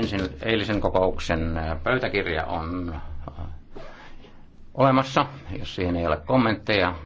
Ensin eilisen kokouksen pöytäkirja on olemassa, jos siihen ei ole kommentteja.